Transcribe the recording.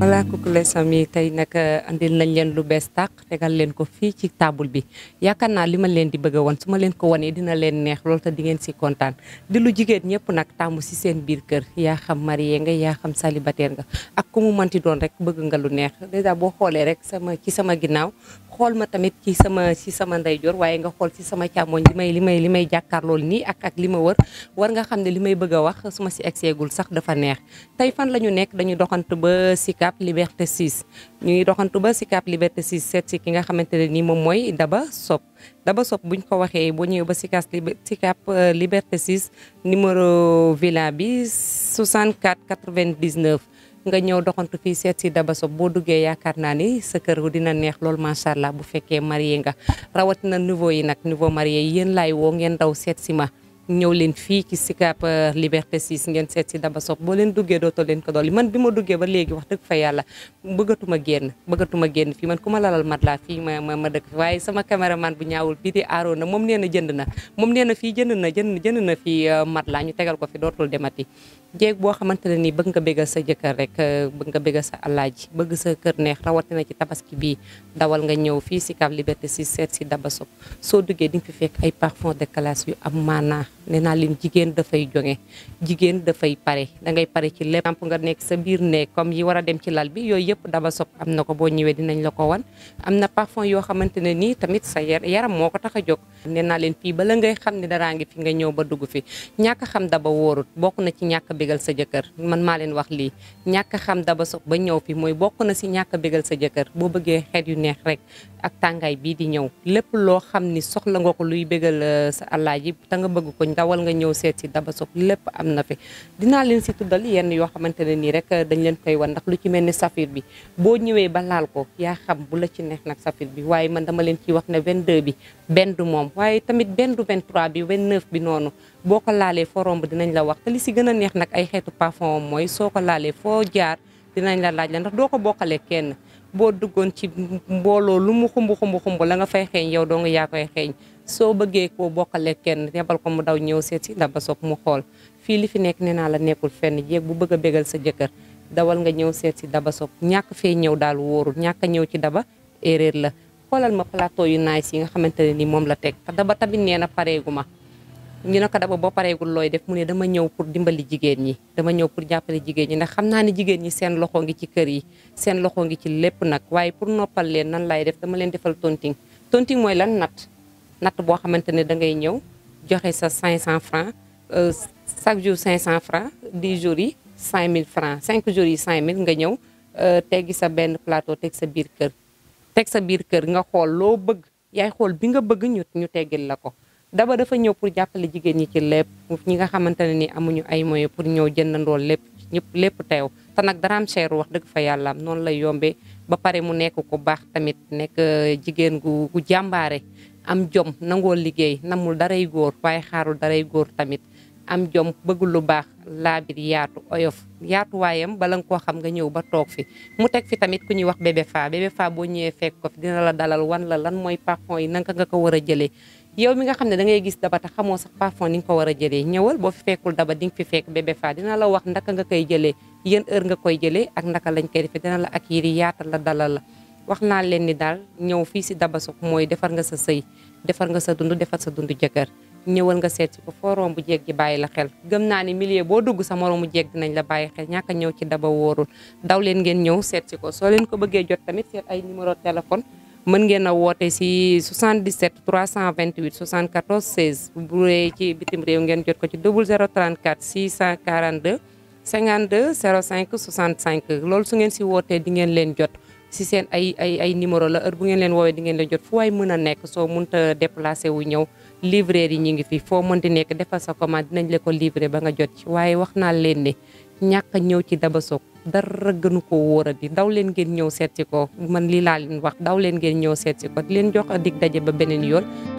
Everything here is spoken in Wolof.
voilà kooku les amis tey nag eh, andil nañ leen lu bees tàq tegal leen ko fii ci taabul bi yaakaar naa li ma leen di bëgg a wan su ma leen ko wanee dina leen neex loolu te dingeen si kontaan di lu jigéen ñëpp nag tàmmu si seen biir kër yaa xam marié nga yaa xam célibataire nga ak ku mu manti doon rek bëgg nga lu neex dèjà boo xoolee rek sama ci sama ginnaaw xol ma tamit ci sama ci sama nday jor waye nga xol ci sama càmmoñ li may li may li may jàkkaarlool nii ak ak li ma wër war nga xamné ne li may bëgg wax suma ci exégul sax dafa neex tay fan lañu nekk dañu doxantu ba ci cap Liberté 6 ñu ngi doxantu ba ci cap Liberté 6 seet ci ki nga xamante ni mom moy Daba sop Daba sop buñ ko waxé bo ñëw ba ci ci cap Liberté 6 numéro villa bi 64 99 nga ñëw doxantu fii seet si Daba Sob boo duggee yaakaar naa ni sa kër dina neex lool macha allah bu fekkee marié nga rawatina niveau yi nag niveau marié yi yéen laay woo ngeen daw seet si ma ñew leen fi ci sikap Liberté 6 ngeen setti Daba Sob bo leen duggé doto leen ko doli man bi duggé ba légui wax deug fa yalla bëggatuma genn bëggatuma genn fi man kuma laal lalal mat ma ma ma waye sama cameraman bu ñaawul bii di aro na mom neena na jënd na mom neena na jënd na jënd jënd na fi euh, mat ñu tegal ko fi dotul demati mati. bo xamante ni bëgg nga bégal sa jëkkër rek euh, bëgg nga bégal sa alaaji bëgg sa kër neex na ci tabaski bi dawal nga ñëw fi Sicap Liberté 6 seet si Daba Sob so duggé di fi fekk ay parfum de classe yu am Nenalin naa leen jigéen dafay jonge da fay pare da ngay pare ci lepp nga nek sa bir ne comme yi wara dem ci lal bi yoy yep daba sop am na ko boo ñëwee dinañ la ko wan am na parfum yo xamantene ni tamit sa yaram moko taxa jog nena jóg fi ba la ngay xam ne daraa ngi fi nga ñew ba dugg fi ñaaka xam daba worut bok na ci ñaaka bégal sa jëkër man ma leen wax li ñaaka xam daba sop ba ñew fi moy bokk na ci ñaaka bégal sa jëkër bo bëggé xet yu neex rek ak tangay bi di ñew lepp lo xamni soxla nga ko luy bégal euh, sa ta nga bëgg ko dawal nga ñëw seet si Daba soo lépp am na fi dinaa leen si tuddal yenn yoo xamante ne nii rek dañ leen koy wan ndax lu ci mel ni safir bi boo ñëwee ba laal ko yaa xam bu la ci neex nag safir bi waaye man dama leen ciy wax ne 22 bi benn moom waaye tamit benn du 23 bi 29 bi noonu boo ko laalee foo romb dinañ la wax te li si gën a neex nag ay xeetu parfum mooy soo ko laalee foo jaar dinañ la laaj la ndax doo ko bokkalee kenn boo duggoon ci mbooloo lu mu xumb xumb xumb la nga fay xeeñ yow doo yaa koy xeeñ soo bëggee koo bokkale kenn yebal ko mu daw ñëw seet daba ndaba soog mu xool fii li fi nekk nee naa la nekkul fenn jéeg bu bëgg a bégal sa jëkkër dawal nga ñëw seet si daba soog ñàkk fee ñëw daal wóorul ñàkk a ñëw ci daba erreur la xoolal ma plateau yu nice yi nga xamante ne ni moom la teg daba tamit nee na pareegu ma ñu ne ko daba boo pareegul looy def mu ne dama ñëw pour dimbali jigéen ñi dama ñëw pour jàppale jigéen ñi ndax xam naa ni jigéen ñi seen loxo ngi ci kër yi seen loxo ngi ci lépp nag waaye pour noppal leen nan laay def dama leen defal tonting tonting mooy lan nat natt boo xamante ne da ngay ñëw joxe sa 500 francs euh, chaque jour cinq cent francs 10 jours yi mille francs cinq jours yi mille nga ñëw euh, teggi sa benn plateau teg sa biir kër teg sa biir kër nga xool loo bëgg yaay xool bi nga bëgg ñu ñu teggil la ko daba dafa ñëw pour jàppale jigéen ñi ci lépp ñi nga xamante ne ni amuñu ay moyens pour ñëw jëndandoo lépp ñëpp lépp teew te nag daraam cher wax dëgg fa yàlla noonu lay yombe ba pare mu nekk ku baax tamit nekk euh, jigéen gu gu jàmbaare am jom nangoo liggéey namul daray góor waaye xaarul daray góor tamit am jom bëgg lu baax laabir yaatu oyof yaatuwaayam bala nga koo xam nga ñëw ba toog fi mu teg fi tamit ku ñuy wax bébé fa bébé fa boo ñëwee fekk ko fi dina la dalal wan la lan mooy parfum yi naka nga ko war a jëlee yow mi nga xam ne da ngay gis xamoo sax parfum ni nga ko war jëlee ñëwal boo fi fekkul daba di nga fi fekk bébé fa dina la wax naka nga koy jëlee yéen heure nga koy jëlee ak naka lañ koy defee dina la ak yiri yaatal la dalal la wax naa leen ni daal ñëw fii si daba Dabassouk mooy defar nga sa sëy defar nga sa dund defar sa dund jëkkër ñëwal nga seet si ko foo romb jeeg ji bàyyi la xel gëm naa ni milieu boo dugg sa moroomu jeeg dinañ la bàyyi xel ñàkk a ñëw ci daba wóorul daw leen ngeen ñëw seet si ko soo leen ko bëggee jot tamit seet ay numéro téléphone mën ngeen a wootee si cent 77 328 74 16 bu dee ci bitim réew ngeen jot ko ci 0034 642 52 05 65 loolu su ngeen si wootee di ngeen leen jot si seen ay ay ay numéro la heure bu ngeen leen woowee di ngeen leen jot fu waay mën a nekk soo mënta déplacé wu ñëw livreur yi ñu ngi fi foo mën di nekk defal sa commande dinañ la ko livré ba nga jot ci waaye wax naa leen ne ñàkk ñëw ci daba Dabasoog dara gënu ko wóor di daw leen ngeen ñëw seet si ko man lii laa leen wax daw leen ngeen ñëw seet si ko leen jox dig daje ba beneen yoon